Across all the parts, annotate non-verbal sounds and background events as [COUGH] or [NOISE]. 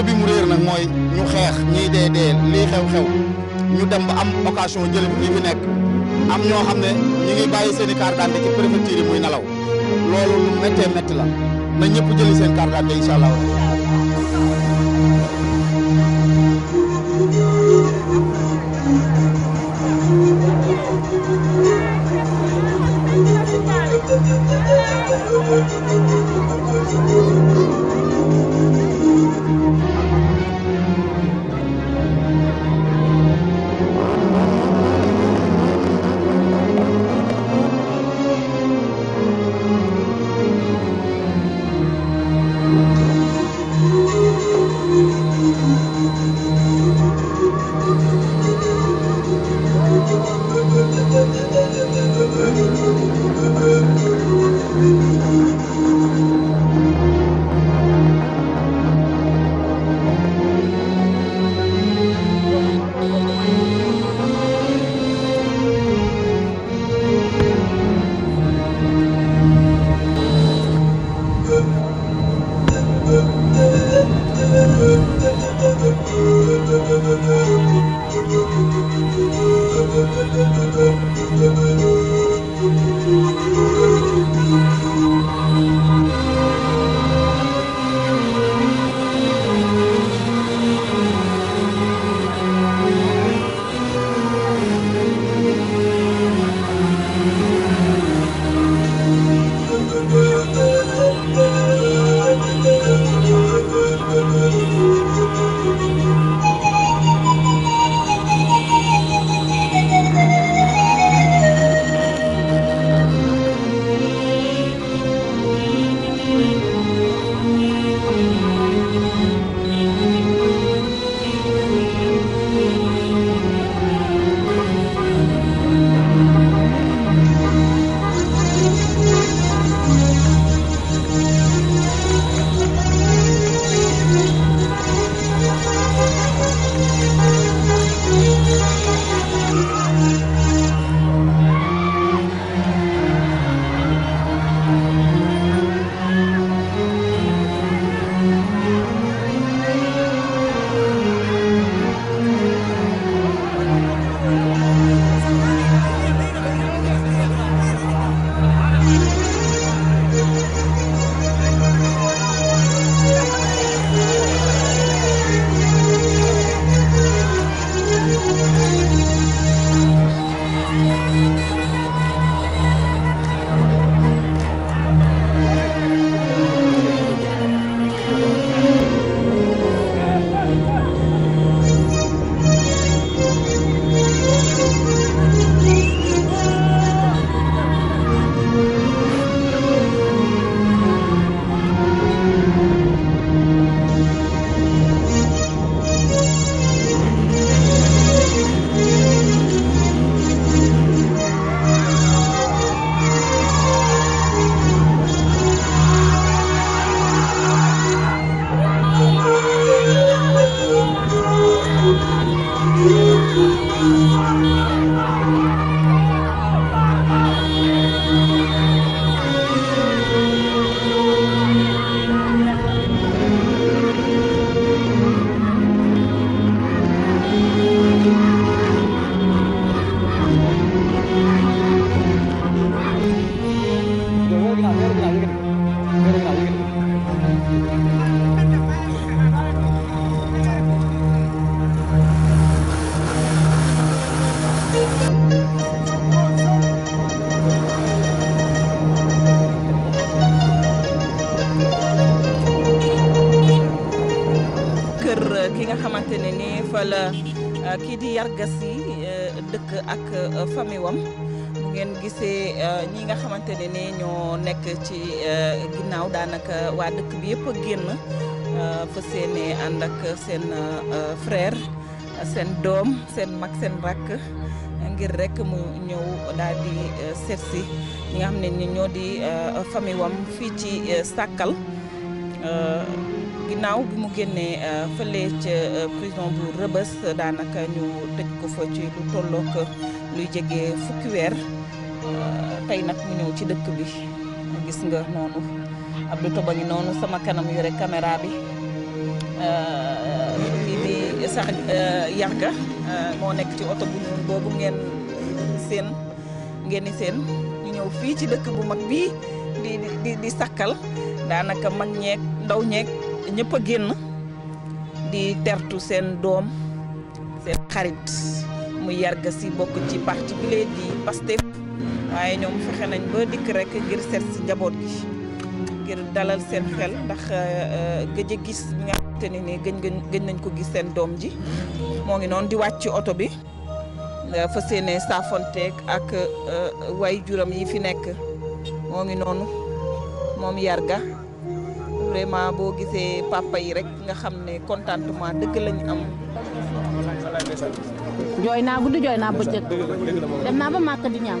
leçon bi mu réer nag mooy ñu xeex ñiy dee dee lii xew-xew ñu dem ba am occasion jël ñi fi nekk am ñoo xam ne ñu ngi bàyyi seen i carte ci préfecture yi muy nelaw loolu lu méttee métti la na ñëpp jëli seen carte d'identité incha yëpp génn euh, fa seeni ànd ak seen euh, frère seen doom seen mag seen rakk ngir rek mu ñëw daal di euh, seet si ñi nga xam ne ni ñoo di famille wam fii ci Sakal ginnaaw bi mu génnee fële ca prison bu Rëbës daanaka ñu tëj ko fa ci lu tollook luy jege fukki tey nag mu ñëw ci dëkk bi gis nga noonu Abdou Toba ngi noonu sama kanam yore caméra bi euh, kii di sax euh, yarga euh, moo nekk ci oto bu boobu ngeen seen ngeen di seen ñëw fii ci dëkk bu mag bii di di di sakkal daanaka mag ñeeg ndaw ñeek ñëpp a génn di tertu seen doom seen xarit mu yarga si bokk ci parti bi di Pastef waaye ñoom fexe nañ ba dikk rek ngir seet si njaboot gi ngir dalal seen xel ndax euh, euh, gëj gis bi nga xamante ne ni gëj gëj nañ ko gis seen doom ji moo ngi noonu di wàcc ci oto bi euh, fa seene saafonteeg ak way juram yi fi nekk moo ngi noonu moom yarga vraiment boo gisee papa yi rek nga xam ne contentement dëgg lañ am jooy naa guddi jooy naa bëccëg dem naa ba màkk di ñaan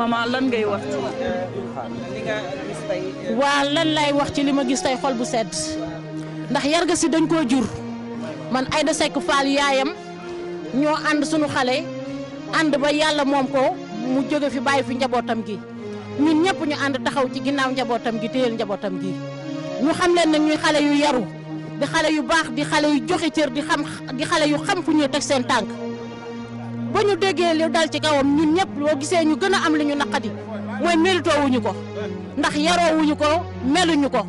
maman lan ngay wax ci li nga waa lan lay wax ci li ma gis tey xol bu sedd ndax Yarga si dañ koo jur man Aïda Seck Fall yaayam ñoo ànd suñu xale ànd ba yàlla moom ko mu jóge fi bàyyi fi njabootam gi ñun ñëpp ñu ànd taxaw ci ginnaaw njabootam gi téyel njabootam gi ñu xam leen ne ñuy xale yu yaru di xale yu baax di xale yu joxe cër di xam di xale yu xam fu ñuy teg seen tànk. ba ñu déggee li dal ci kawam ñun ñëpp boo gisee ñu gën a am li ñu naqadi mooy melitoowuñu ko ndax yaroowuñu ko meluñu ko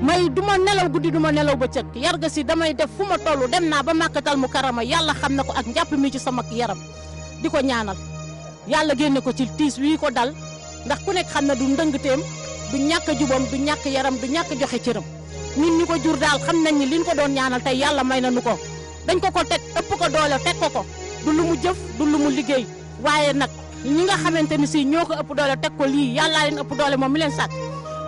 may du ma nelaw guddi du ma nelaw yar ga si damay def fu ma toll dem naa ba màkkatal mu karama yàlla xam na ko ak njàpp mi ci sama yaram di ko ñaanal yàlla génne ko ci tiis wii ko dal ndax ku nekk xam ne du ndëngteem du ñàkk jubam du ñàkk yaram du ñàkk joxe cëram ñun ñu ko jur daal xam nañ ni liñ ko doon ñaanal tey yàlla may na nu ko dañ ko ko teg ëpp ko doole teg ko ko du lu mu jëf du lu mu liggéey waaye nag ñi nga xamante ni si ñoo ko ëpp doole teg ko lii yàllaa leen ëpp doole moom mi leen sàkk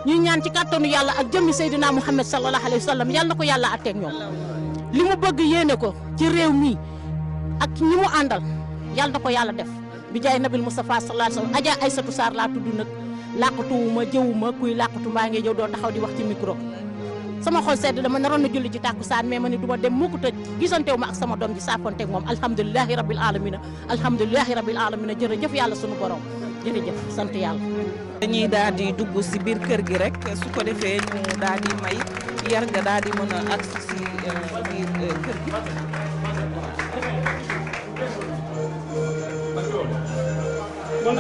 ñuy ñaan ci kàttanu yàlla ak jëmmi Seydina Muhammad sallallahu alayhi wa sallam yàlla na ko yàlla atteeg ñoom li mu bëgg yéene ko ci réew mi ak ñi mu àndal yàlla na ko yàlla def bi jaay nabil Moustapha sallallahu alayhi wa sallam Adja ay Sarr laa tudd nag làqatuwuma jëwuma kuy làqatu mbaa ngi jëw doon taxaw di wax ci micro sama xol sedd dama naroon na julli ji tàkkusaan mais ma ne du ma dem mukk tëj gisantewu ma ak sama doom ji saafonteeg moom alhamdulilahi rabil alamina alhamdulilahi rabil alamina jërëjëf yàlla sunu borom jërëjëf sant yàlla dañuy daal di dugg si biir kër gi rek su defee ñu daal di may yar nga daal di mën a agsi si euh, biir euh, kër gi moo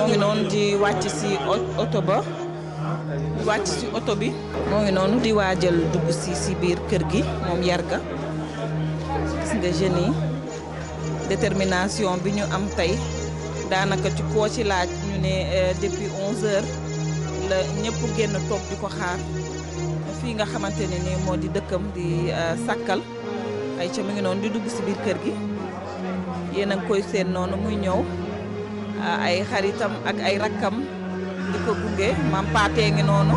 ngi noon di wàcc si oto ba wàcc ci oto bi. moo ngi noonu di waajal dugg ci biir kër gi moom yarga gis nga jeunes yi détermination bi ñu am tey daanaka ci koo ci laaj ñu ne euh, depuis 11h la ñëpp génn toog ko xaar fii nga xamante ne nii moo di dëkkam di euh, sàkkal ay ca mu ngi noonu di dugg ci biir kër gi yéen a koy seen noonu muy ñëw ay xaritam ak ay rakkam. di ko gunge maam Pathé ngi noonu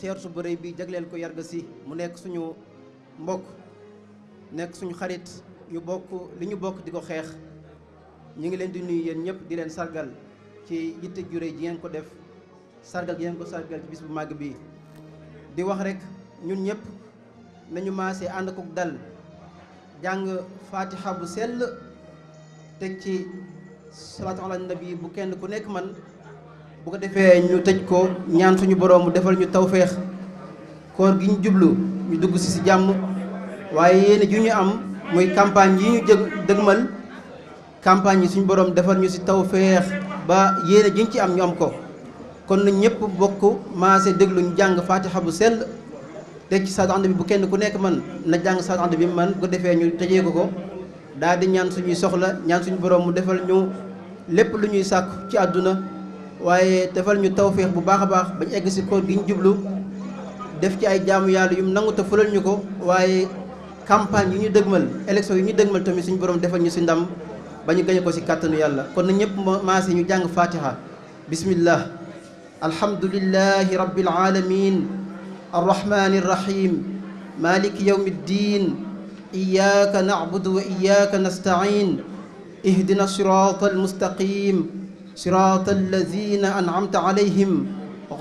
teertu bu rëy bi jagleel ko Yarga Sy mu nekk suñu mbokk nekk suñu xarit yu bokk li ñu bokk di ko xeex ñu ngi leen di nuyu yéen ñëpp di leen sargal ci yitte ju ji ngeen ko def sargal gi ngeen ko sargal ci bis bu màgg bi di wax rek ñun ñépp nañu maase ànd ko dal jàng faatiha bu sell teg ci salaatu ala nabi bu kenn ku nekk man bu ko defee ñu tëj ko ñaan suñu borom mu defal ñu tawféex koor gi ñu jublu ñu dugg si si jàmm waaye yéen ju ñu am muy campagne yi ñu jëg dëgmal campagne yi suñu borom defal ñu si tawféex ba yéen ji ci am ñu am ko kon nañ ñëpp bokk maase déglu ñu jàng fatiha xabu sell teg ci saatu bi bu kenn ku nekk man na jàng saatu ànd bi man bu ko defee ñu tëjee ko ko daal di ñaan suñuy soxla ñaan suñu borom mu defal ñu lépp lu ñuy sàkku ci àdduna waaye defal ñu tawféex bu baax a baax bañ egg si koor gi ñu jublu def ci ay jaamu yàlla yum nangu te fulal ñu ko waaye campagne yu ñu dëgmal élection yi ñu dëgmal tamit suñu borom defal ñu si ndam ba ñu gañe ko si kàttanu yàlla kon na ñëpp maase ñu jàng fatiha bismillah alhamdulillahi rabbil alamin arrahmani arrahim maliki yawmi ddin iyaka nacbudu wa iyaka nastain ihdina sirata almustaqim صراط الذين أنعمت عليهم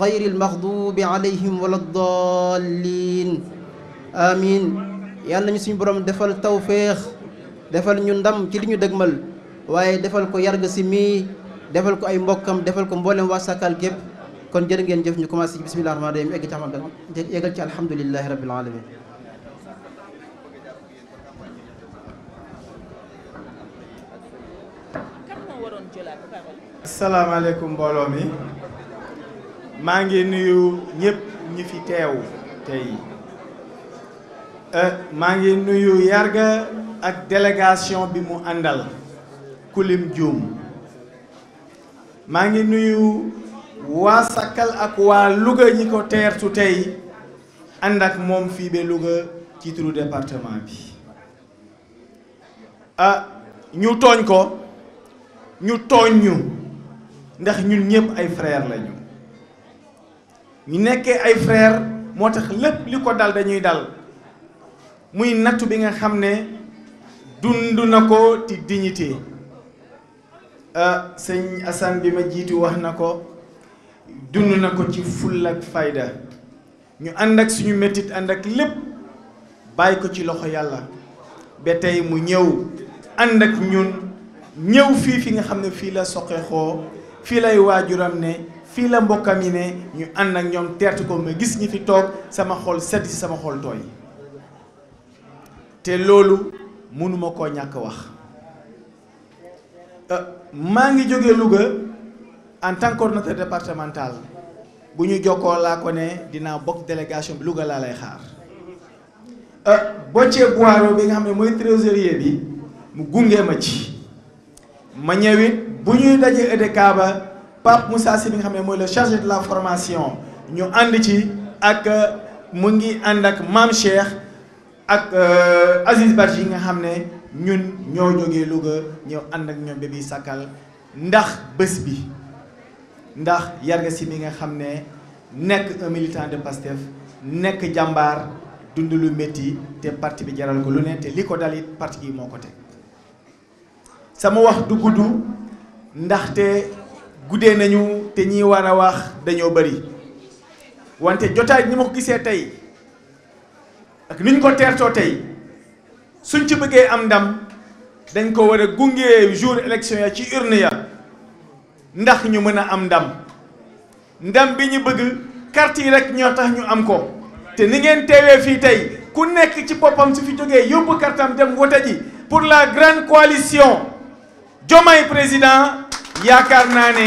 غير المغضوب عليهم ولا الضالين آمين yan ñu suñu borom defal tawféex defal ñu ndam ci li ñu dëgmal waaye defal ko yarga si mii defal ko ay mbokkam defal ko mboolem waa Sakal gépp kon jërë ngeen jëf ñu commencé ci bismillahi rahmaani rahim egg ci alhamdulillahi rabbil alamin salaamaaleykum mbooloo mi maa ngi nuyu ñëpp ñi fi teew tey eh, maa ngi nuyu Yarga ak délégation bi mu àndal kulim juum maa ngi nuyu waa Sakal ak waa Louga ñi ko teertu tey ànd ak moom fii ba Louga ci turu département bi ah ñu tooñ ko ñu tooñ ñu ndax ñun ñëpp ay frère lañu ñu nekkee ay frère moo tax lépp li ko dal dañuy dal muy nattu bi nga xam ne dund na ko ci dignité euh, sëñ Assane bi ma jiitu wax na ko dund na ko ci full ak fayda ñu ànd ak suñu métit ànd ak lépp bàyyi ko ci loxo yàlla ba tey mu ñëw ànd ak ñun ñëw fii fi nga xam ne fii la soqeekoo fii lay waajuram ne fii la mbokkam yi ne ñu ànd ak ñoom teertu ko ma gis ñi fi toog sama xol sedd si sama xol tooy te loolu mënuma koo ñàkk wax euh, maa ngi jóge Louga en tant que coordonnateur départemental bu ñu jokkoo laa ko ne dinaa bokk délégation bi Louga laa lay xaar euh, Bocce Boiro bi nga xam ne mooy trésorier bi mu gunge ma ci ma ñëwit bu ñuy dajee EDK ba Pape Moussa Sy bi nga xam ne mooy le chargé de la formation ñu ànd ci ak euh, mu ngi ànd ak Mame Cheikh ak euh, Aziz yi nga xam ne ñun ñoo jógee Louga ñëw ànd ak ñoom Bébé Sakal ndax bés bi ndax Yarga Sy mi nga xam ne nekk un militant de Pastef nekk jàmbaar dund lu métti te parti bi jaral ko lu ne te li ko dalit parti gi moo ko teg sama wax du ndax ndaxte guddee nañu te ñi war a wax dañoo bari wante jotaay ni ma ko gisee tey ak ni ñu ko teertoo tey suñ ci bëggee am ndam dañ ko war a gunge jour élection ya ci urne ya ndax ñu mën a am ndam ndam bi ñu bëgg carte yi rek ñoo tax ñu am ko te ni ngeen teewee fii tey ku nekk ci boppam su fi jógee yóbbu kartam dem wote ji pour la grande coalition Diomaye président yaakaar naa ne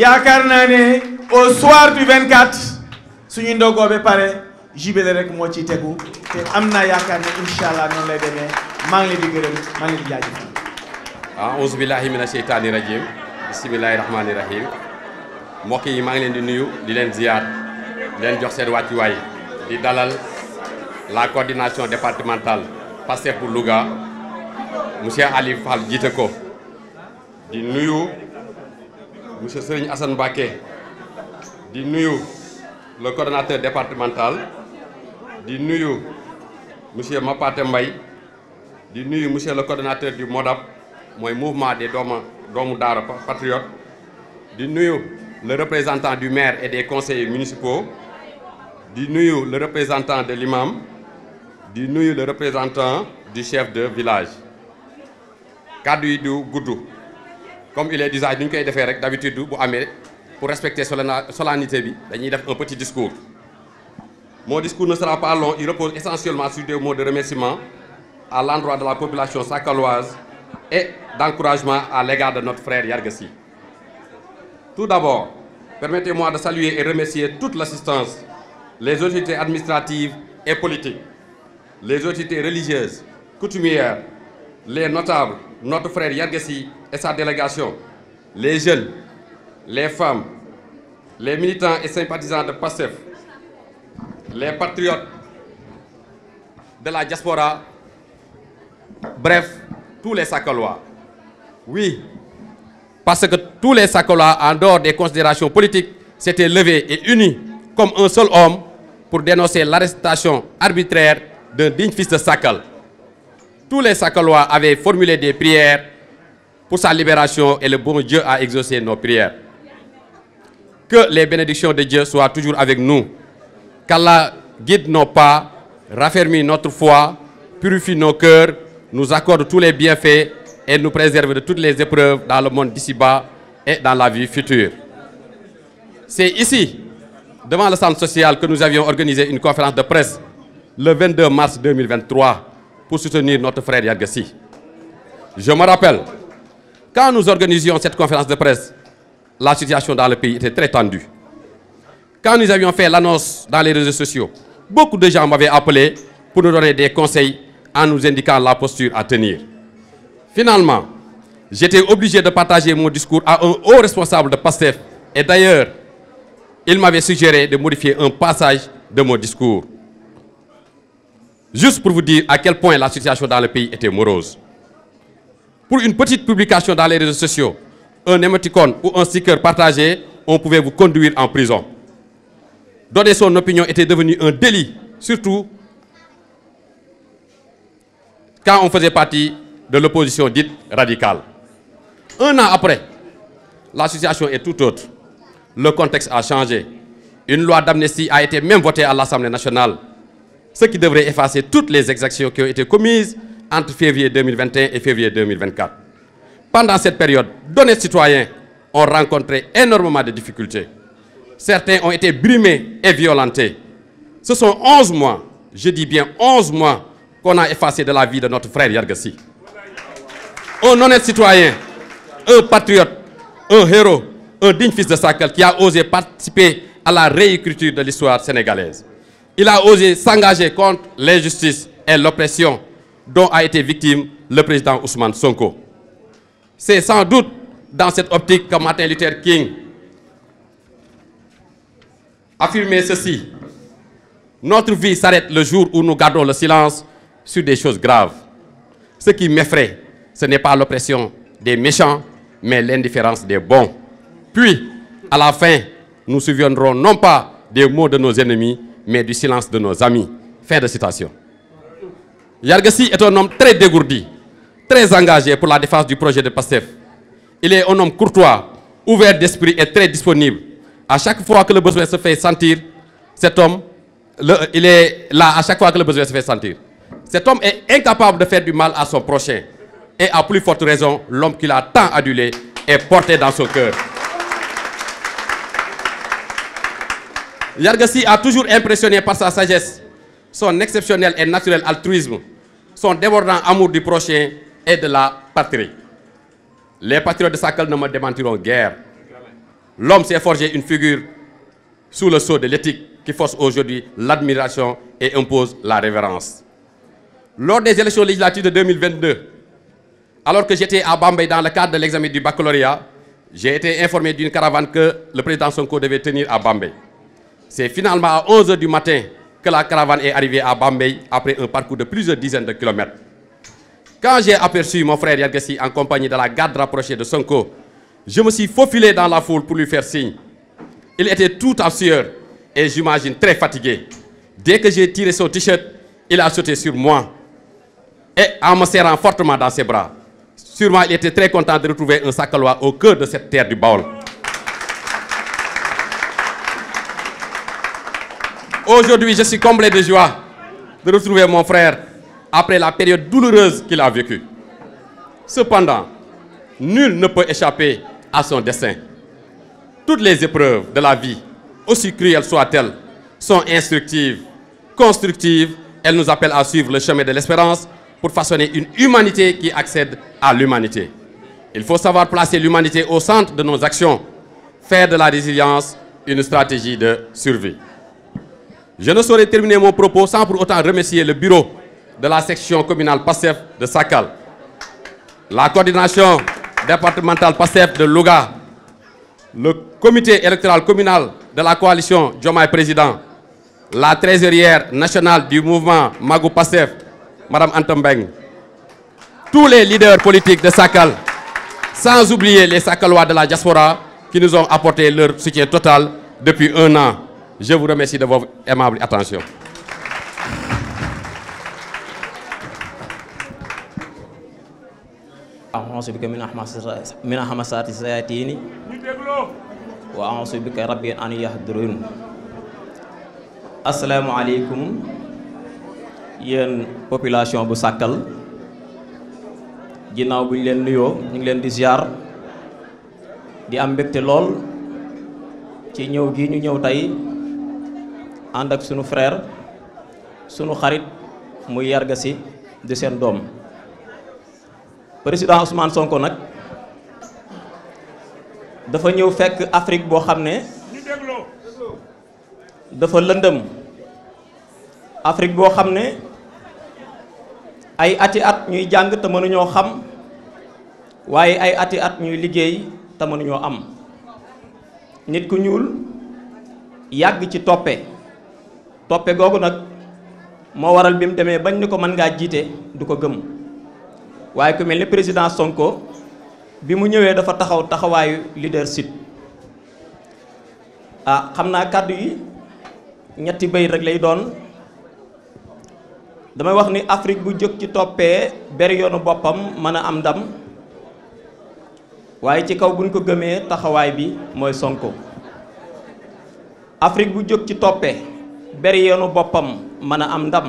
yaakaar naa ne au soir du 24 suñu ndogoo ba pare jubile rek moo ciy tegu te am na yaakaar ne incha allah lay demee maa ngi leen di gërëm maa ngi leen di jaajëfal. auzu billahi mina sheytaani rajim bisimilahi rahmaani rahim mbokk yi maa ngi leen di nuyu di leen ziar di leen jox seen wàccuwaay di dalal la coordination départementale Pastef bu luga monsieur Ali Fall jiite ko di nuyu monsieur Serigne Assane Mbacké di nuyu le coordonnateur départemental di nuyu monsieur Mapate mbay di nuyu monsieur le coordonnateur du MODAP mooy mouvement des dooma doomu daar patriote di nuyu le représentant du maire et des conseillers municipaux di nuyu le représentant de l'imam di nuyu le représentant du chef de village kàddu yi du gudd comme il est d'usage ni ñu koy defee rek d'habitude bu amee pour respecter solennité bi dañuy def un petit discours moo discours ne sera pas long il repose essentiellement sur des mots de remerciement à l'endroit de la population sakaloise et d'encouragement à l'égard de notre frère Yargassi tout d'abord permettez-moi de saluer et remercier toute l'assistance les autorités administratives et politiques les autorités religieuses coutumières les notables notre frère Yargassi et sa délégation, les jeunes, les femmes, les militants et sympathisants de PASTEF, les patriotes de la diaspora, bref, tous les Sakalois. Oui, parce que tous les Sakalois, en dehors des considérations politiques, s'étaient levés et unis comme un seul homme pour dénoncer l'arrestation arbitraire d'un digne fils de Sakal. tous les Sakalois avaient formulé des prières pour sa libération et le bon Dieu a exaucé nos prières. Que les bénédictions de Dieu soient toujours avec nous. Qu'Allah guide nos pas, raffermit notre foi, purifie nos cœurs, nous accorde tous les bienfaits et nous préserve de toutes les épreuves dans le monde d'ici-bas et dans la vie future. C'est ici, devant le centre social, que nous une conférence de presse le 22 mars 2023 pour soutenir notre frère Yadgassi. Je me rappelle, quand nous organisions cette conférence de presse, la situation dans le pays était très tendue. Quand nous avions fait l'annonce dans les réseaux sociaux, beaucoup de gens m'avaient appelé pour nous donner des conseils en nous indiquant la posture à tenir. Finalement, j'étais obligé de partager mon discours à un haut responsable de PASTEF et d'ailleurs, il m'avait suggéré de modifier un passage de Juste pour vous dire à quel point la situation dans le pays était morose. Pour une petite publication dans les réseaux sociaux, un émoticône ou un sticker partagé, on pouvait vous conduire en prison. Donner son opinion était devenu un délit, surtout quand on faisait partie de l'opposition dite radicale. Un an après, la situation est tout autre. Le contexte a changé. Une loi d'amnistie a été même votée à l'Assemblée nationale ce qui devrait effacer toutes les exactions qui ont été commises entre février 2021 et février Pendant cette période, d'honnêtes citoyens ont rencontré énormément de difficultés. Certains ont été brimés et violentés. Ce sont 11 mois, je dis bien 11 mois, qu'on a effacé de la vie de notre frère Yargassi. Un honnête citoyen, un patriote, un héros, un digne fils de Sakal qui a osé participer à la réécriture de l'histoire sénégalaise. il a osé s'engager contre l'injustice et l'oppression dont a été victime le président Ousmane Sonko. C'est sans doute dans cette optique que Martin Luther King ceci. Notre vie s'arrête le jour où nous gardons le silence sur des choses graves. Ce qui m'effraie, ce n'est pas l'oppression des méchants, mais l'indifférence des bons. Puis, à la fin, nous souviendrons non pas des maux de nos ennemis, mais du silence de nos amis. Fin de citation. Yargassi est un homme très dégourdi, très engagé pour la défense du projet de PASTEF. Il est un homme courtois, ouvert d'esprit et très disponible. À chaque fois que le besoin se fait sentir, cet homme, le, il est là à chaque fois que le besoin se fait sentir. Cet homme est incapable de faire du mal à son prochain. Et à plus forte raison, l'homme qu'il a tant adulé est porté dans son cœur. Yarga Sy a toujours impressionné par sa sagesse, son exceptionnel et naturel altruisme, son débordant amour du prochain et de la patrie. Les patriotes de Sakal ne me démentiront guère. L'homme s'est forgé une figure sous le sceau de l'éthique qui force aujourd'hui l'admiration et impose la révérence. Lors des élections législatives de 2022, alors que j'étais à Bambay dans le cadre de l'examen du baccalauréat, j'ai été informé d'une caravane que le président Sonko devait tenir à Bambay. C'est finalement à 11h du matin que la caravane est arrivée à Bambay après un parcours de plusieurs dizaines de kilomètres. Quand j'ai aperçu mon frère Yelgassi en compagnie de la garde rapprochée de Sonko, je me suis faufilé dans la foule pour lui faire signe. Il était tout en sueur et j'imagine très fatigué. Dès que j'ai tiré son t-shirt, il a sauté sur moi et en me serrant fortement dans ses bras. Sûrement, il était très content de retrouver un Sakalois au cœur Aujourd'hui, je suis comblé de joie de retrouver mon frère après la période douloureuse qu'il a vécue. Cependant, nul ne peut échapper à son destin. Toutes les épreuves de la vie, aussi cruelles soient-elles, sont instructives, constructives. Elles nous appellent à suivre le chemin de l'espérance pour façonner une humanité qui accède à l'humanité. Il faut savoir placer l'humanité au centre de nos actions, faire de la résilience une stratégie de survie. Je ne saurais terminer mon propos sans pour autant remercier le bureau de la section communale PASTEF de Sakal, la coordination départementale PASTEF de Louga, le comité électoral communal de la coalition Diomaye Président, la trésorière nationale du mouvement Magou PASTEF, Madame Antembeng, tous les leaders politiques de Sakal, sans oublier les Sakalois de la diaspora qui nous ont apporté leur soutien total depuis un an. Je vous remercie de votre aimable attention. أعوذ بك من من همسات الشياطين وأعوذ بك ربي أن يحضرون asalaamaaleykum yéen population bu sàkkal ginnaaw buñ leen nuyoo ñu ngi leen di jaar di am mbégte lool ci ñëw gi ñu ñëw tay ànd ak sunu frère sunu xarit muy yarga si di seen doom président Ousmane Sonko nag dafa ñëw fekk Afrique boo xam ne dafa lëndëm Afrique boo xam ne ay ati at ñuy jàng te mënuñoo xam waaye ay ati at ñuy liggéey te mënuñoo am nit ku ñuul yàgg ci toppe toppe googu nag moo waral bi mu demee bañ ni ko mën ngaa jiite du ko gëm waaye ko mel ni président Sonko bi mu ñëwee dafa taxaw taxawaayu leadership ah xam naa kàddu yi ñetti bay rek lay doon damay wax ni Afrique bu jóg ci toppee bari yoonu boppam mën a am ndam waaye ci kaw buñ ko gëmee taxawaay bi mooy Sonko Afrique bu jóg ci toppee beri yoonu boppam mën a am ndam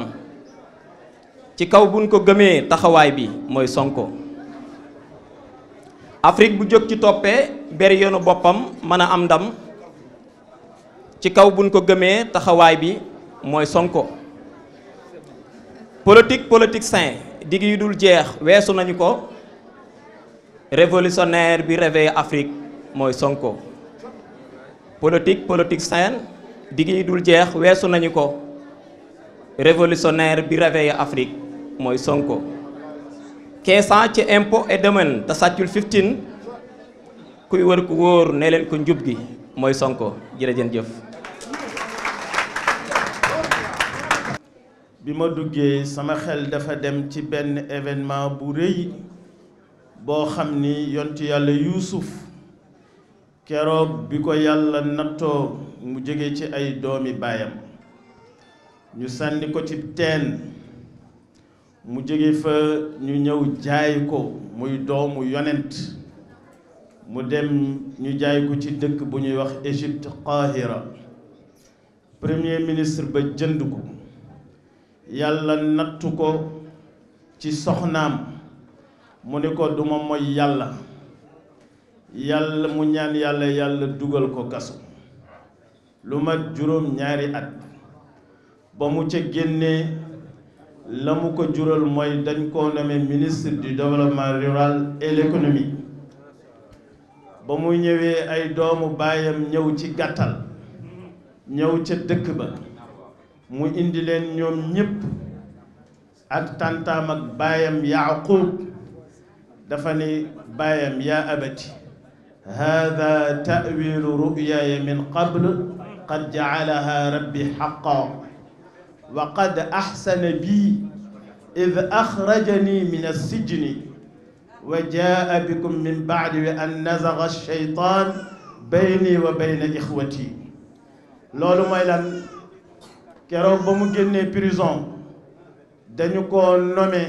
ci kaw buñ ko gëmee taxawaay bi mooy Sonko Afrique bu jóg ci toppee beri boppam mën a am ndam ci kaw buñ ko gëmee taxawaay bi mooy Sonko politique politique sain digg yu dul jeex weesu nañu ko révolutionnaire bi réveillé Afrique mooy Sonko politique politique sain digg dul jeex weesu nañu ko révolutionnaire bi réveillé Afrique mooy Sonko. 1500 ci impôt et domaine te sàccul kuy wër ku wóor ne leen ko njub gi mooy Sonko jërëjën jëf bi ma duggee sama xel dafa dem ci benn événement bu rëy boo xam ni yontu yàlla yuusuf keroog bi ko yàlla nattoo mu jóge ci ay doomi baayam ñu sànni ko ci teen mu jóge fa ñu ñëw jaay ko muy doomu yonent mu dem ñu jaay ko ci dëkk bu ñuy wax Égypte Qahira premier ministre ba jënd ko yàlla nattu ko ci soxnaam mu ni ko duma moy yàlla yàlla mu ñaan yàlla yàlla dugal ko kaso lu mat juróom ñaari at ba mu ca génnee la mu ko jural mooy dañ ko nommé ministre du développement rural et l'économie ba mu ñëwee ay doomu baayam ñëw ci gàttal ñëw ca dëkk ba mu indi leen ñoom ñépp ak tàntaam ak baayam Yaaqub dafa ne baayam yaa abati hada taawilu ruyaaya min qabl qad jaalaha rabbi xaqan wa qad axsana bii id axrajani min alsijni wa jaa bikum min baadi wa an nazaga alcheytan bayni wa bayna ixwati loolu mooy lan keroog ba mu génnee prison dañu ko nommé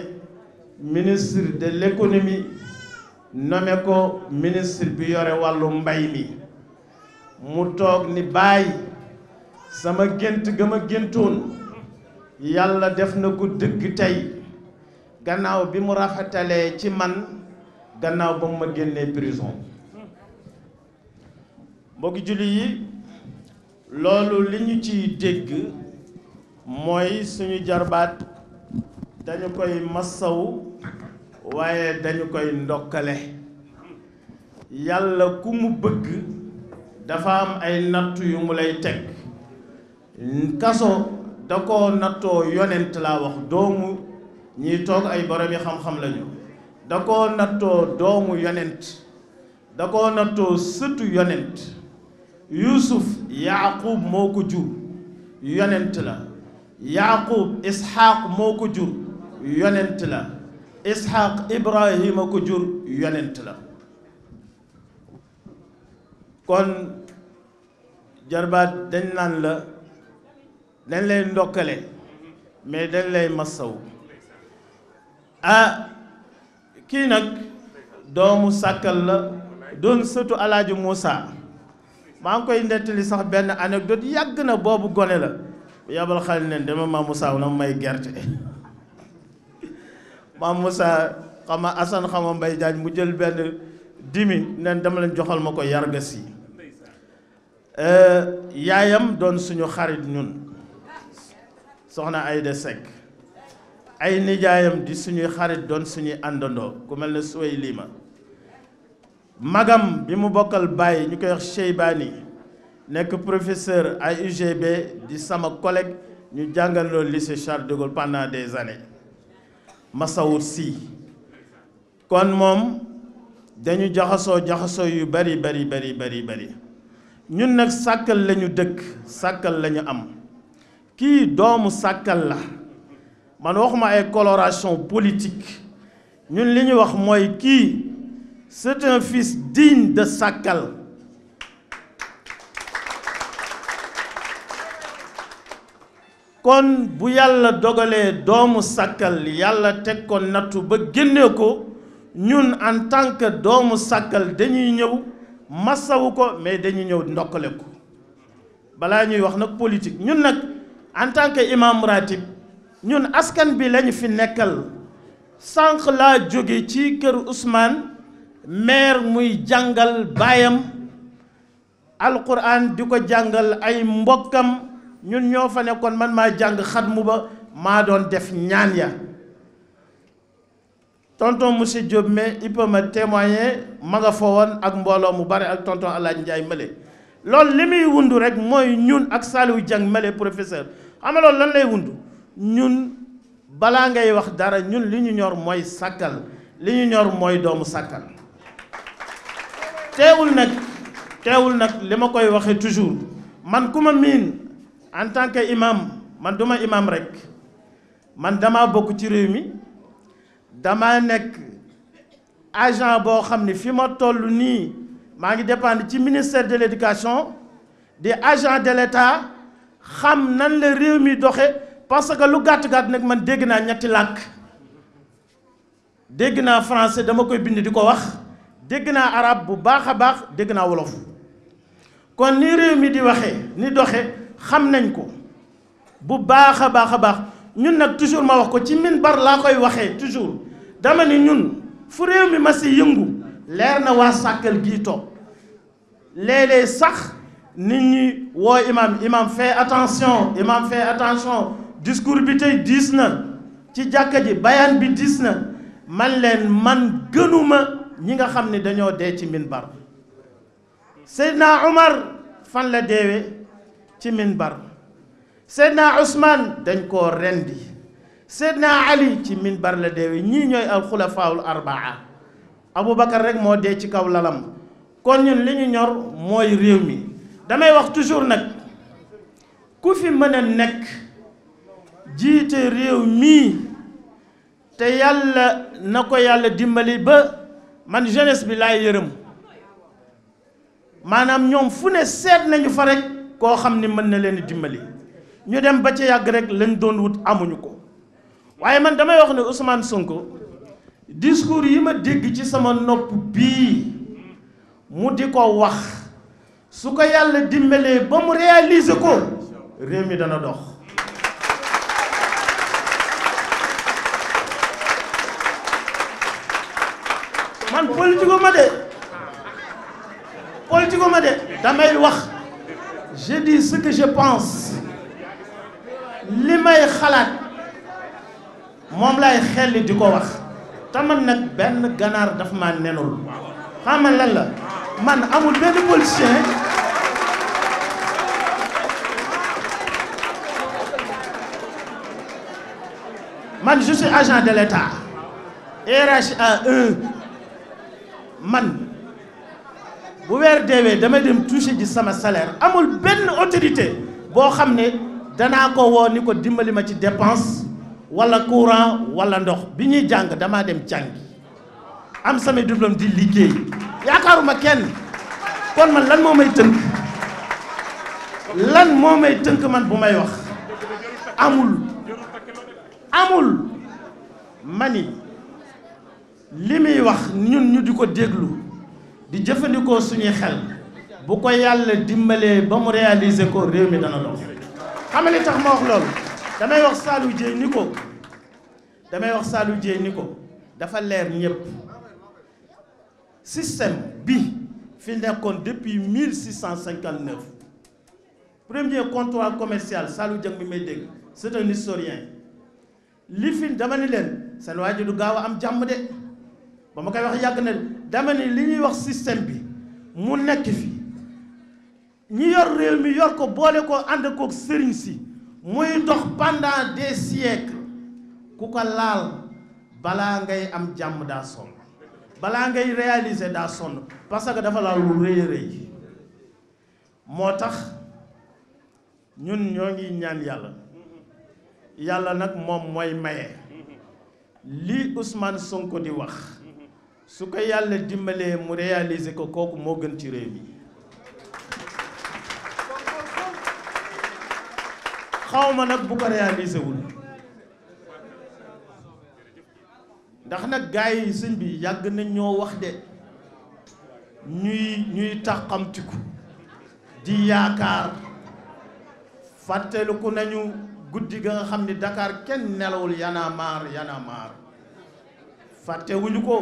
ministre de l'économie nommé ko ministre bi yore wàllu mbay mi mu toog ni bàyyi sama gént ga ma géntoon yàlla def na ko dëgg tey gannaaw bi mu rafetalee ci man gannaaw ba mu ma génnee prison mbokki julli yi loolu li ñu ciy dégg mooy suñu jarbaat dañu koy massaw waaye dañu koy ndokkale yàlla ku mu bëgg dafa am ay nattu yu mu lay teg kaso da ko nattoo yonent laa wax doomu ñiy toog ay borom yi xam-xam lañu da ko nattoo doomu yonent da ko nattoo sëtu yonent yuusuf yaaqub moo ko jur yonent la yaaqub isxaaq moo ko jur yonent la isxaaq ibrahima ko jur yonent la kon jarbaat dañ naan la dañ lay ndokkale mais dañ lay massaw ah kii nag doomu sàkkal la doon sëtu alaaju Moussa maa ngi koy nettali sax benn anecdote yàgg na boobu gone la yabal xale ne dama maam Moussa na may gerte [LAUGHS] maam Moussa xama Assane xama Mbaye Diagne mu jël benn dimi nen dama leen joxal ma ko yargas yi eh, yaayam doon suñu xarit ñun soxna Aida Seck ay nijaayam di suñuy xarit doon suñuy àndandoo ku mel ne suway liima magam bi mu bokkal bàyyi ñu koy wax nekk professeur à UGB di sama collègue ñu jàngal loolu lycée Charles de Gaulle pendant des années Masawut si kon moom dañu jaxasoo jaxasoo yu bari bari bari bari bari ñun nag sàkkal lañu dëkk sàkkal lañu am kii doomu sàkkal la man waxuma ay coloration politique ñun li ñuy wax mooy kii c'est un fils digne sàkkal kon bu yàlla dogalee doomu sàkkal yàlla teg ko nattu ba génnee ko ñun en tant doomu sàkkal dañuy ñëw massawu ko mais dañuy ñëw ndokkale ko balaa ñuy wax nag politique ñun nag en tant que imam ratib ñun askan bi lañu fi nekkal sànq laa jóge ci kër Ousmane maire muy jàngal baayam alquran di ko jàngal ay mbokkam ñun ñoo fa nekkoon man ma jàng xatmu ba maa doon def ñaan ya tonton monsieur Diop mais il peut me témoigner ma nga fa woon ak mbooloo mu bare ak tonton El Hadj Ndiaye Mbale loolu li muy wundu rek mooy ñun ak Saliou jàng Mbale professeur xam nga lan lay wund ñun balaa ngay wax dara ñun li ñu ñor mooy sàkkal li ñu ñor mooy doomu sàkkal teewul nag teewul nag li ma koy waxee toujours man ku ma miin en tant que imam man du ma imam rek man dama bokk ci réew mi dama nekk agent boo xam ni fi ma toll nii maa ngi dépendre ci ministère de l'éducation di agent de l'état xam nan la réew mi doxe parce que lu gàtt-gàtt nag man dégg naa ñetti làkk dégg naa français dama koy bind di ko wax dégg naa arab bu baax a baax dégg naa wolof kon ni réew mi di waxee ni doxe xam nañ ko bu baax a baax a baax ñun nag toujours ma wax ko ci minbar laa koy waxee toujours dama ni ñun fu réew mi ma si yëngu leer na waa sàkkal gii toog léeg-léeg sax nit ñi woo imam imam fais attention imam fais attention discours bi tey diis na ci jàkka ji bayaan bi diis na man leen man gënuma ñi nga xam ni dañoo dee ci minbar Seydina Omar fan la deewee ci minbar Seydina Ousmane dañ koo rendi Seydina Ali ci minbar la deewee ñii ñooy al xulafaawul arbaa Aboubacar rek moo dee ci kaw lalam kon ñun li ñu ñor mooy réew mi damay wax toujours nag ku fi mën a nekk jiite réew mii te yàlla na ko yàlla dimbali ba man jeunesse bi laay yërëm maanaam ñoom fu ne seet nañu fa rek koo xam ni mën na leen dimbali ñu dem ba ci yàgg rek lañ doon wut amuñu ko waaye man damay wax ne Ousmane Sonko discours yi ma dégg ci sama nopp bii mu di ko wax su ko yàlla dimbalee ba mu réaliser ko réew mi dana dox man politique ma de politique damay wax je dis ce que je pense li may xalaat moom lay xelli di ko wax te nag benn ganaar daf ma nenul xamal lan la man amul benn politicien man je suis agent de l'État RHA 1 e. man bu weer deewee damay dem toucher ji sama salaire amul benn autorité boo xam ne danaa ko woo ni ko dimbali ma ci dépense wala courant walla ndox bi ñuy jàng damaa dem jàngi am samay diplôme di liggéey yaakaaruma kenn kon man lan moo may tënk lan moo may tënk man bu may wax amul amul mani li muy wax ñun ñu di ko déglu di jëfandikoo suñuy xel bu ko yàlla dimbalee ba mu réaliser ko réew mi dana dox xam li tax ma wax loolu damay wax saalu Dieng ni ko damay wax Saliou Dieng ni ko dafa leer ñëpp système bi fi nekkoon depuis 1659 premier comptoir commercial Saliou Dieng bi may dégg c'est un historien lifin dama ni leen seen waa ji du gaaw a am jàmm de ba ma koy wax yàgg na dama ni li ñuy wax système bi mu nekk fi ñi yor réew mi yor ko boole ko ànd kook sëriñ si muy dox pendant des siècles ku ko laal balaa ngay am jàmm daa sonn balaa ngay réaliser daa sonn parce que dafa laal lu rëy moo tax ñun ñoo ngi ñaan yàlla yàlla nag moom mooy maye lii Ousmane Sonko di wax su ko yàlla dimbalee mu réaliser ko kooku moo gën ci réew mi xaw nag bu ko réaliser ndax nag gars yi sëñ bi yàgg nañ ñoo wax de ñuy ñuy taxamtiku di yaakaar fàttaliku nañu. guddi ga nga xam ni Dakar kenn nelawul yana maar yana maar fàttewuñu ko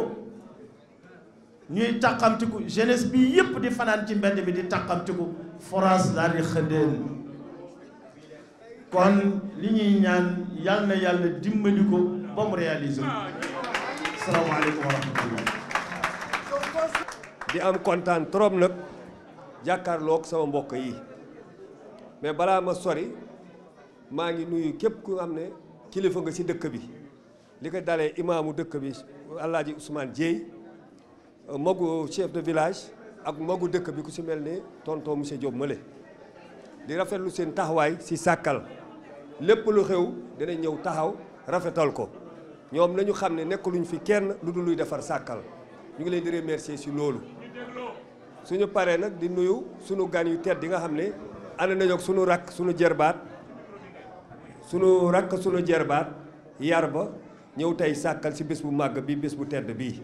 ñuy tàqamtiku jeunesse bi yépp di fanaan ci mbedd bi di tàqamtiku forage daal di kon li ñuy ñaan yal na yàlla dimbali ko ba mu réaliser salaamaaleykum wa rahmatullah di am kontaan trop nag jàkkaarloog sama mbokk yi mais balaa ma sori maa ngi nuyu képp ku xam ne kilifa nga ci dëkk bi li ko dalee imaamu dëkk bi Alaaji Ousmane Dieye magu chef de village ak magu dëkk bi ku ci mel ni tonton monsieur Diop Mële di rafetlu seen taxawaay ci sàkkal lépp lu xew dana ñëw taxaw rafetal ko ñoom nañu xam ne nekk luñ fi kenn lu dul luy defar sàkkal ñu ngi leen di remercier ci loolu suñu paree nag di nuyu sunu gan yu tedd di nga xam ne ànd nañu ak suñu rakk suñu jerbaat sunu rakk sunu jerbaat yar ba ñëw tey sàkkal si bés bu màgg bi bés bu tedd bii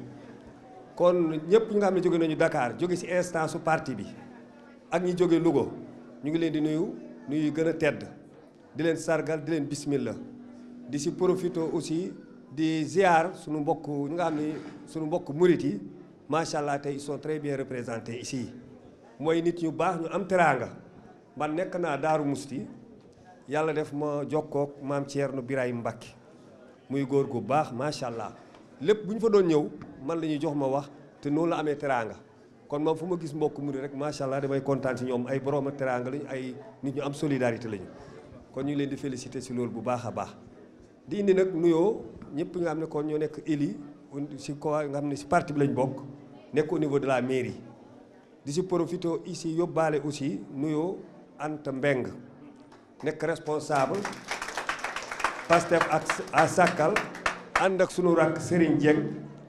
kon ñëpp ñu nga xam ne jóge nañu dakaar jóge si instant su parti bi ak ñi jóge Louga ñu ngi leen di nuyu nuyu gën a tedd di leen sargal di leen bismillah di si profité aussi di ziar sunu mbokk ñu nga xam ne sunu mbokk murit yi macha allah tey ils sont très bien représentés ici mooy nit ñu baax ñu am teraanga man nekk naa Daaru Musti yàlla def ma jokkoog maam nu Birahim Mbacke muy góor gu baax macha allah lépp bu ñu fa doon ñëw man la ñuy jox ma wax te noonu la amee teraanga kon moom fu ma gis mbokk mu rek macha allah damay kontaan si ñoom ay borom a teraanga lañu ay nit ñu am solidarité lañu kon ñu leen di féliciter si loolu bu baax a baax di indi nag nuyoo ñëpp nga xam ne kon ñoo nekk éli si ko nga am ne si parti bi lañ bokk nekk au niveau de la mairie di si profité ici yóbbaale aussi nuyoo Anta Mbeng nekk responsable Pastef ak à Sakal ànd ak sunu rakk Serigne Dieng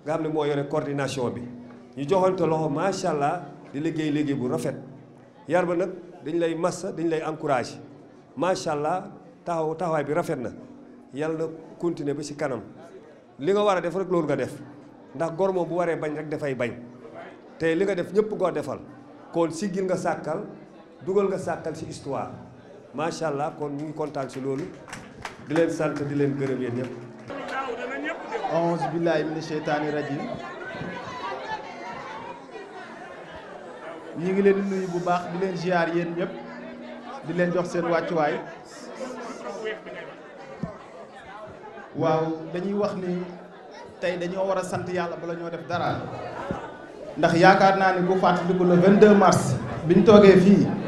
nga xam ne moo yore coordination bi ñu joxante loxo macha allah di liggéey liggéey bu rafet yar ba nag dañ lay massa dañ lay encouragé macha allah taxaw taxawaay bi rafet na yàlla na continuer ba ci kanam li nga war a def rek loolu nga def ndax gor bu waree bañ rek dafay bañ te li nga def ñëpp goo defal kon siggil nga sàkkal dugal nga sàkkal ci histoire macha allah kon ñu ngi kontaan si loolu di leen sant di leen gërëm yéen ñëpp. aouzu billaahi mina sheytaani rajiim ñu ngi leen nuyu bu baax di leen ziar yéen ñëpp di leen jox seen wàccuwaay waaw dañuy wax ni tey dañoo war a sant yàlla bala ñoo def dara ndax yaakaar naa ne ni bu fàttaliku le 22 mars bi ñu toogee fii.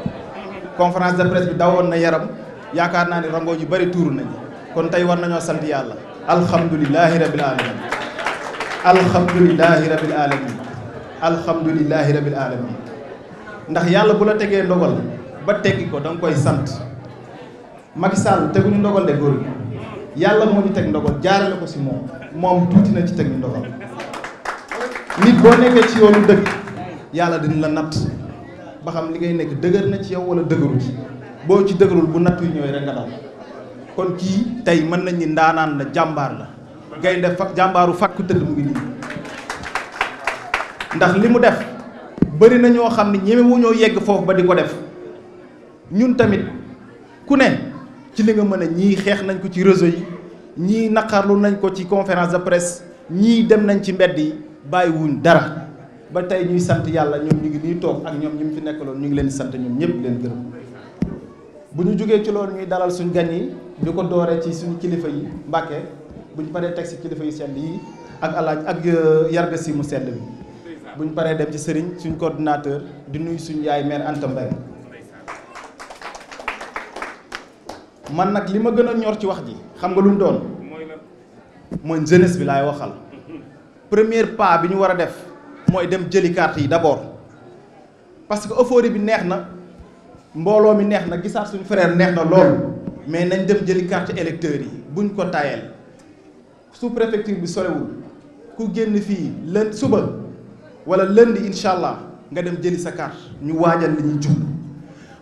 conférence de presse bi dawoon na yaram yaakaar naa ni rango yu bari tuur nañu kon tey war nañoo sant yàlla alhamdulilahi rabil alamin alhamdulilahi rabil alamin alhamdulilahi rabil alamin ndax yàlla bu la tegee ndogal ba teggi ko da koy sant Macky Sall teguñu ndogal de góor gi yàlla moo teg ndogal jaarale ko si moom moom tuuti na ci teg ndogal nit boo nekkee ci yoonu dëkk yàlla dina la natt ba xam li ngay nekk dëgër na ci yow wala dëgëru ci boo ci dëgërul bu natt yu ñëwee rek nga daw kon kii tey mën nañ ni ndaanaan la jàmbaar la def fa jàmbaaru fàkku tëdd mu ngi nii ndax li mu def bëri na ñoo xam ne ñeme ñoo yegg foofu ba di ko def ñun tamit ku ne ci li nga mën a ñii xeex nañ ko ci réseau yi ñii naqarlu nañ ko ci conférence de presse ñii dem nañ ci mbedd yi bàyyiwuñ dara ba tey ñuy sant yàlla ñoom ñu ngi nii toog ak ñoom ñi mu fi nekkaloon ñu ngi leen sant ñoom ñëpp leen gërëm bu ñu jógee ci lool ñuy dalal suñ gan yi di ko dooree ci suñu kilifa yi Mbàkke bu ñu paree teg si kilifa yu sell yi ak alaaj ak euh, yarga si mu sell bi bu ñu paree dem ci sëriñ suñ coordinateur di nuy suñ yaay mère Anta Mbaye man nag li ma gën a ñor ci wax ji xam nga lu mu doon mooy jeunesse bi laay waxal premier pas bi ñu war a def mooy dem jëli carte yi d'abord parce que euphorie bi neex na mbooloo mi neex na gisaat suñu frère neex na loolu mais nañ dem jëli carte électeurs yi buñ ko tayel sous préfecture bi sorewul ku génn fii lën suba wala lënd incha allah nga dem jëli sa carte ñu waajal li ñuy jublu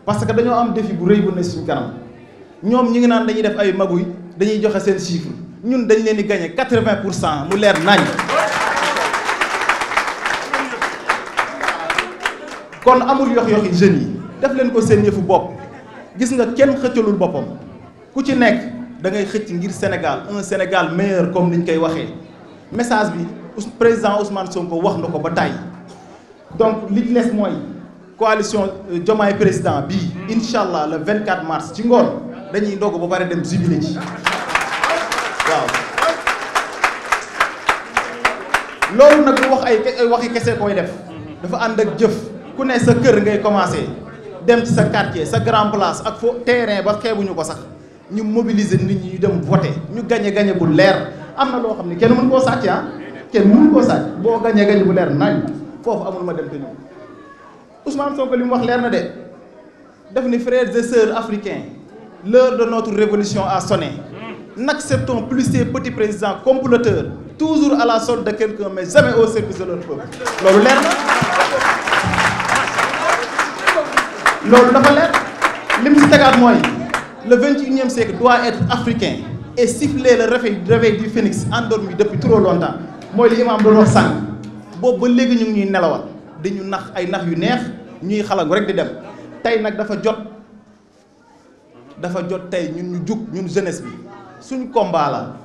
parce que dañoo am défi bu rëy bu ne suñu kanam ñoom ñu ngi naan dañuy def ay maguy dañuy joxe seen chiffre ñun dañ leen di gagné quatre-vingt pour cent mu leer nañ kon amul yox-yoxi jeunes yi def leen ko seen yëfu bopp gis nga kenn xëccalul boppam ku ci nekk da ngay xëcc ngir Sénégal un Sénégal meilleur comme niñ koy waxee message bi président Ousmane Sonko wax na ko ba tàyyi donc li les mooy coalition euh, Diomaye président bi incha allah le 24 mars ci ngoon dañuy ndogg ba pare dem jubilé ji waaw loolu nag lu wax ay waxi kese koy def dafa ànd ak jëf ku ne sa kër ngay commencé dem ci sa quartier sa grand place ak foo terrain ba ñu ko sax ñu mobiliser nit ñi ñu dem voter ñu gañe gañe bu leer am na loo xam ne kenn mën koo sàcc ah kenn mën koo sàcc boo gañe gañe bu leer nañ foofu amul ma dem te ñëw Ousmane Sonko li mu wax leer na de daf ni frères et sœurs africains l'heure de notre révolution a sonné n'acceptons plus ces petits présidents comploteurs toujours à la solde de quelqu'un mais jamais au service de leur peuple loolu loolu dafa leer lim si tegaat mooy le vingt et unième siècle doit être africain et la le réveil réveil du phénix endormi depuis trop longtemps mooy li imaam doon wax sànq boobu ba léegi ñu ngi ñuy nelawal di nax ay nax yu neex ñuy xalangu rek di dem tey nag dafa jot dafa jot tey ñun ñu jug ñun jeunesse bi suñu combat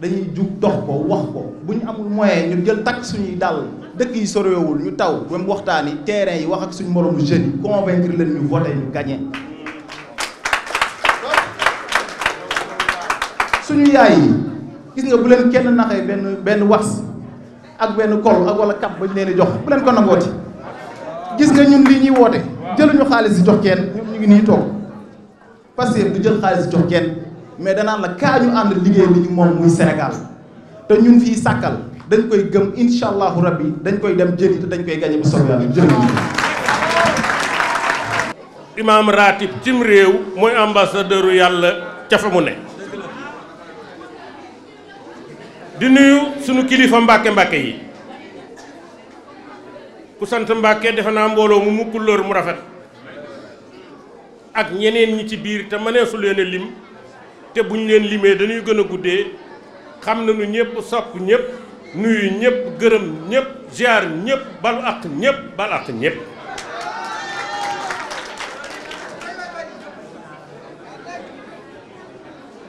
dañuy jug dox ko wax ko bu ñu amul moyen ñu jël takk suñuy dàll. dëkk yi soriwul ñu taw dem waxtaan yi terrain yi wax ak suñu moromu jeunes yi convaincre leen ñu voté ñu gagné. suñu yaay yi gis nga bu leen kenn naxee benn benn wax ak benn kol ak wala kap ba ñu leen di jox bu leen ko nangooti gis nga ñun lii ñuy woote jëluñu xaalis di jox kenn ñu ngi nii toog parce que du jël xaalis di jox kenn mais danaan la kaa ñu ànd liggéey li ñu moom muy Sénégal te ñun fii sàkkal dañ koy gëm incha allahu rabbi dañ koy dem jëli te dañ koy gañe bu soobee yàlla jërëjëf. imaam ratib cim réew mooy ambassadeur yàlla ca mu ne. di nuyu sunu kilifa mbàkke mbàkke yi ku sant mbàkke defe naa mbooloo mu mu couleur mu rafet ak ñeneen ñi ci biir te mëneesu leen lim te buñ leen limee dañuy gën a guddee xam nañu ñëpp sopp ñëpp. nuyu ñëpp gërëm ñëpp ziar ñëpp balu ak ñëpp balu ak ñëpp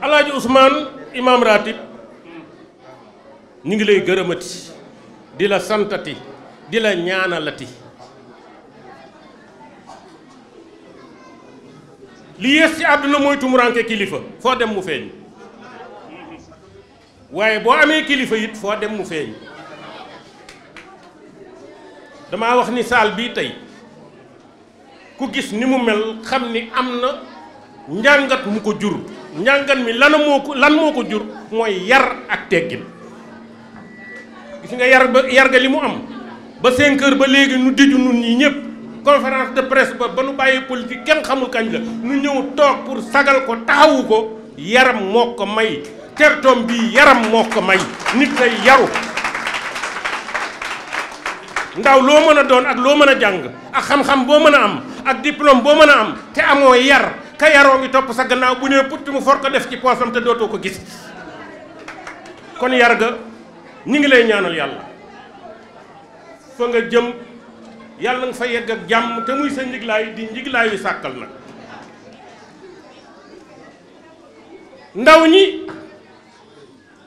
alaaji Ousmane imam ratib ñu ngi lay gërëmati di la santati di la ñaanalati li yées ci àdduna mooy tumuranke kilifa foo dem mu feeñ waaye boo amee kilifa it foo dem mu feeñ damaa wax ni saal bii tey ku gis ni mu mel xam ni am na njàngat mu ko jur njàngat mi lan moo ko lan moo ko jur mooy yar ak teggin gis nga yar ba yar ga li mu am ba cinq kër ba léegi nu diju nun ñi ñëpp conférence de presse ba ba nu bàyyi politique kenn xamul kañ la nu ñëw toog pour sagal ko taxawu ko yaram moo ko may tertoom bi yaram moo ko may nit lay yaru ndaw loo mën a doon ak loo mën a jàng ak xam-xam boo mën a am ak diplôme boo mën a am te amoo yar ka yaroo ngi topp sa gannaaw bu ñëwee putt mu for ko def ci poosam te dootoo ko gis kon yar ga ñi ngi lay ñaanal yàlla fa nga jëm yàlla nga fa yegg ak jàmm te muy sa njiglaay di njiglaay sàkkal nag ndaw ñi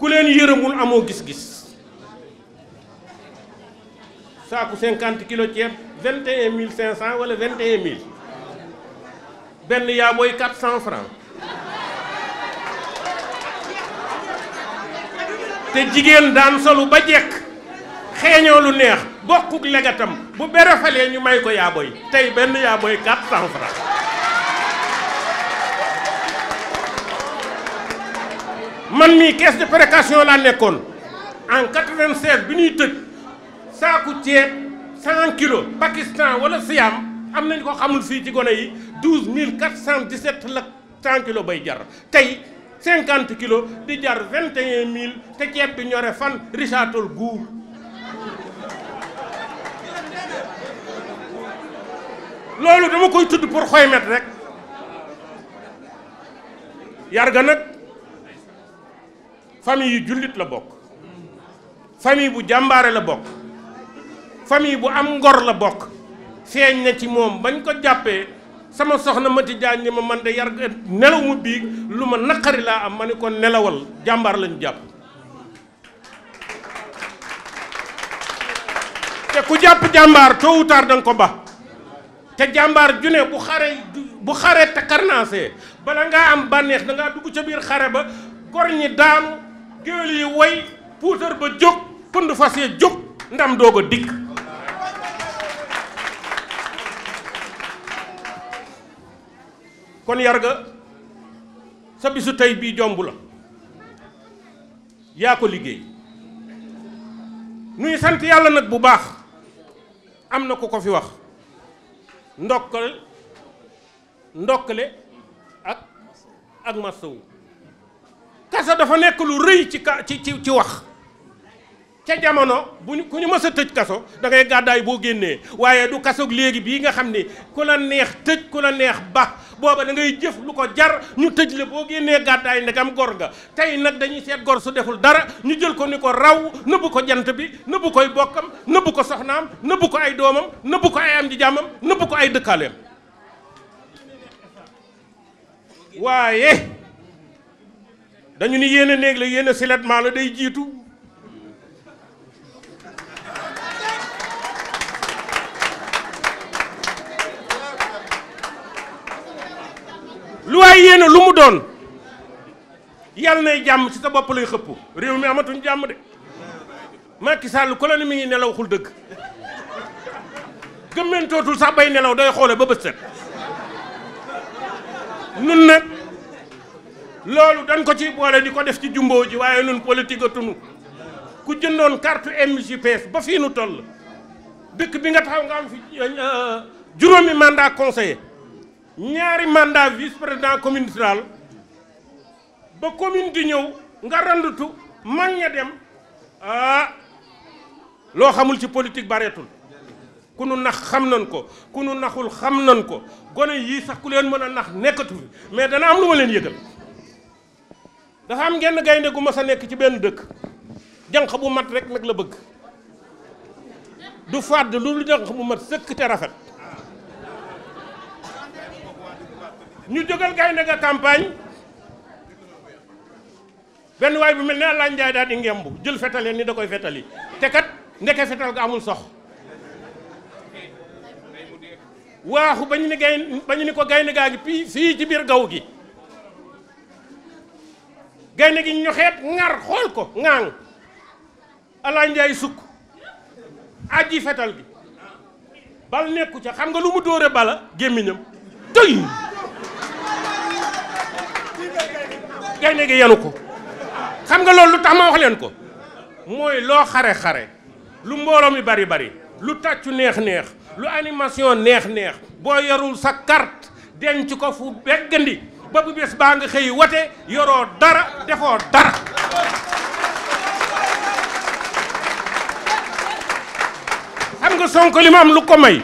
ku leen yërëmul amoo gis-gis saaku cinquante kilo ceeb vingt et un mille cinq cent wala vingt et un benn yaa booy cent franc te jigéen daan solu ba jekk xeeñoo lu neex bokkuk legatam bu berefalee ñu may ko yaa booy tey benn yaa booy quatre cent franc man mii caisse de précaution laa nekkoon en 96 bi ñuy tëj saaku ceeb 100 kilo Pakistan wala Siam am nañu ko xamul fii ci gone yi 12 417 la 100 kilos bay jar tey 50 kilo di jar 21 000 te ceeb bi ñore fan Richard Toll guur loolu dama koy tudd pour xoymet rek yarga nag. famille yu jullit la bokk famille bu jàmbaare la bokk famille bu am ngor la bokk feeñ na ci moom bañ ko jàppee sama soxna Mati Jaañ ni ma man de yar nelaw mu biig lu ma naqari laa am ma ni ko nelawal jàmbaar lañu jàpp te ku jàpp jàmbaar tôt ou tard ko ba te jàmbaar ju ne bu xare bu xare te karnaasee bala ngaa am bànneex dangaa dugg ca biir xare ba gor ñi daanu géwél yi woy puutar ba jóg pënd fas jóg ndam doog dikk kon yarga sa bisu tey bii jomb la yaa ko liggéey nuy sant yàlla nag bu baax am na ku ko fi wax ndokkal ndokkale ak ak masawu kaso dafa nekk lu rëy ci ka ci ci wax ca jamono bu ñu ku ñu mësa tëj kaso da gàddaay boo génnee waaye du kasoog léegi bii nga xam ni ku la neex tëj ku la neex ba booba dangay ngay jëf lu ko jar ñu tëj la boo génnee gàddaay ndegam gor ga tey nag dañuy seet gor su deful dara ñu jël ko ni ko raw nëbbu ko jant bi nëbbu koy bokkam nëbbu ko soxnaam nëbbu ko ay doomam nëbbu ko ay am ji jàmmam nëbbu ko ay dëkkaaleem waaye dañu ni yéen néeg la yéen a siletment la day jiitu lu waay yéen a lu mu doon yàlla nay jàmm ci sa bopp lay réew mi amatuñ jàmm de Macky Sall ku la ne mi ngi nelaw xul dëgg gëmmentootul sax bay nelaw day xoole ba bët set nun nag loolu dañ ko ci boole di ko def ci jumbo ji waaye nun politique a tunu ku jëndoon carte MJPS ba fii nu toll dëkk bi nga taxaw nga am fi euh, juróomi mandat conseiller ñaari mandat vice président commune rural ba commune di ñëw nga randutu mag ña dem ah, loo xamul ci politique bareetul ku nu nax xam nan ko ku nu naxul xam nan ko gone yii sax ku leen mën a nax nekkatu fi mais dana am lu ma leen yëgal dafa am genn gaynde gu ma a nekk ci benn dëkk jànq bu mat rek nag la bëgg du fàdd lu janq bu mat sëkk te rafet ñu jógal gaynde ga campagne benn waay bu mel ne Alaañ Njaay daal di ngemb jël fetale ni da koy fetali te kat ndeke fetal ga amul sox waaxu ba ñu ni gaynde ba ñu ni ko gaynde gaa ngi fii ci biir gaw gi gaynde gi ñoxeet ŋar xool ko ŋaaŋ alaa njaay sukk aji fetal gi bal nekku ca xam nga lu mu dóore bala gémmiñam tëy gaynde gi yanu ko xam nga loolu lu tax ma wax leen ko mooy loo xare-xare lu mbooloo mi bari bari lu tàccu neex-neex lu animation neex-neex boo yorul sa carte denc ko fu beggandi ba bu bés baa nga xëy wate yoroo dara defoo dara xam nga Sonko li lu ko may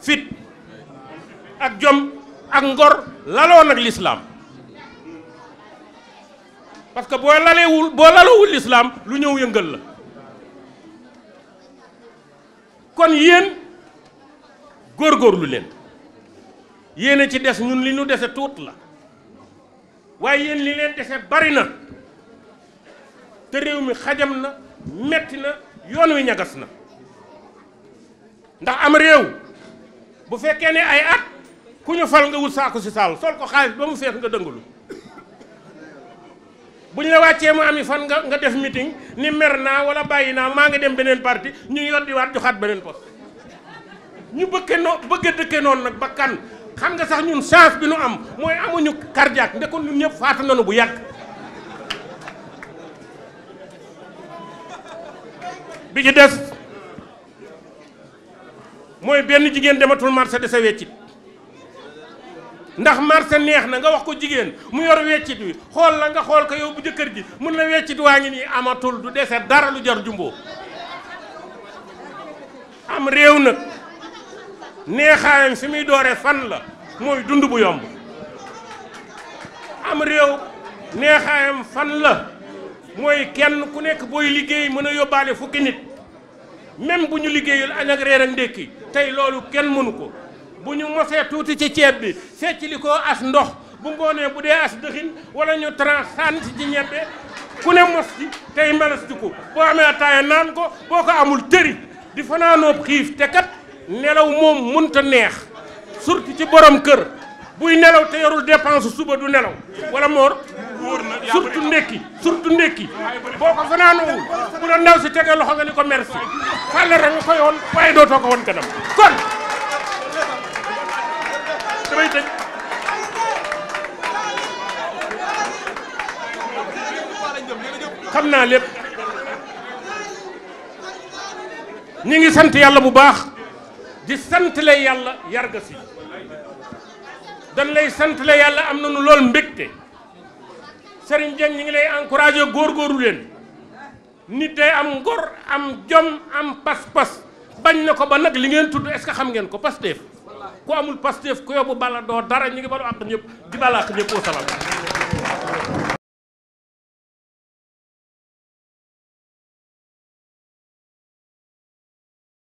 fit ak jom ak ngor laloon ak lislaam parce que boo laleewul boo lislaam lu ñëw yëngal la kon yéen góorgóorlu leen yéen a ci des ñun li ñu dese tuut la waaye yéen li leen dese bari na te réew mi xajam na metti na yoon wi ñagas na ndax am réew bu fekkee ne ay at ku ñu fal nga wut saako si saal sol ko xaalis ba mu fees nga dëngulu bu ñu la wàccee mu am yi fan nga nga def meeting ni mer naa wala bàyyi naa maa ngi dem beneen parti ñu yoddiwaat joxaat beneen poste ñu bëgge noo bëgg dëkke noonu nag bakkan xam nga sax ñun chance bi nu am mooy amuñu cardiaque ndekon ñun ñëpp faatu nañu bu yàgg bi ci des mooy benn jigéen dematul marché de sa weccit ndax marché neex na nga wax ko jigéen mu yor weccit wi xool la nga xool ko yow bu jëkkër ji mun na weccit waa ngi nii amatul du dese dara lu jar jumbo am réew na neexaayam fi muy dooree fan la mooy dund bu yomb am réew neexaayam fan la mooy kenn ku nekk booy liggéey mën a yóbbaale fukki nit même bu ñu liggéeyul añ ak reer ak ndékki tey loolu kenn mënu ko bu ñu mosee tuuti ci ceeb bi fecc li ko as ndox bu ngoonee bu dee as dëxin wala ñu transant ci ñebbe ku ne mos ci tey mbalas ko boo amee ataaya naan ko boo ko amul tëri di fanaanoob xiif te kat nelaw moom mënta neex surtout ci borom kër buy nelaw te yorul dépense suba du nelaw wala moor surtout ndekki surtout ndekki boo ko fanaanoowul bu la ndaw si tege loxo nga ni ko merci fàlle rek nga koy waaye dootoo ko woon kanam kon damay tëj xam naa lépp ñi ngi sant yàlla bu baax di sant la yàlla yarga si dañ lay sant la yàlla am na nañu lool mbégte Serigne Dieng ñi ngi lay encouragé góorgóorlu leen nit day am ngor am jom am pas-pas bañ na ko ba nag li ngeen tudd est-ce xam ngeen ko Pastef ku amul Pastef ku yóbbu bala doo dara ñu ngi balu àq ñëpp di bala àq ñëpp wasalaam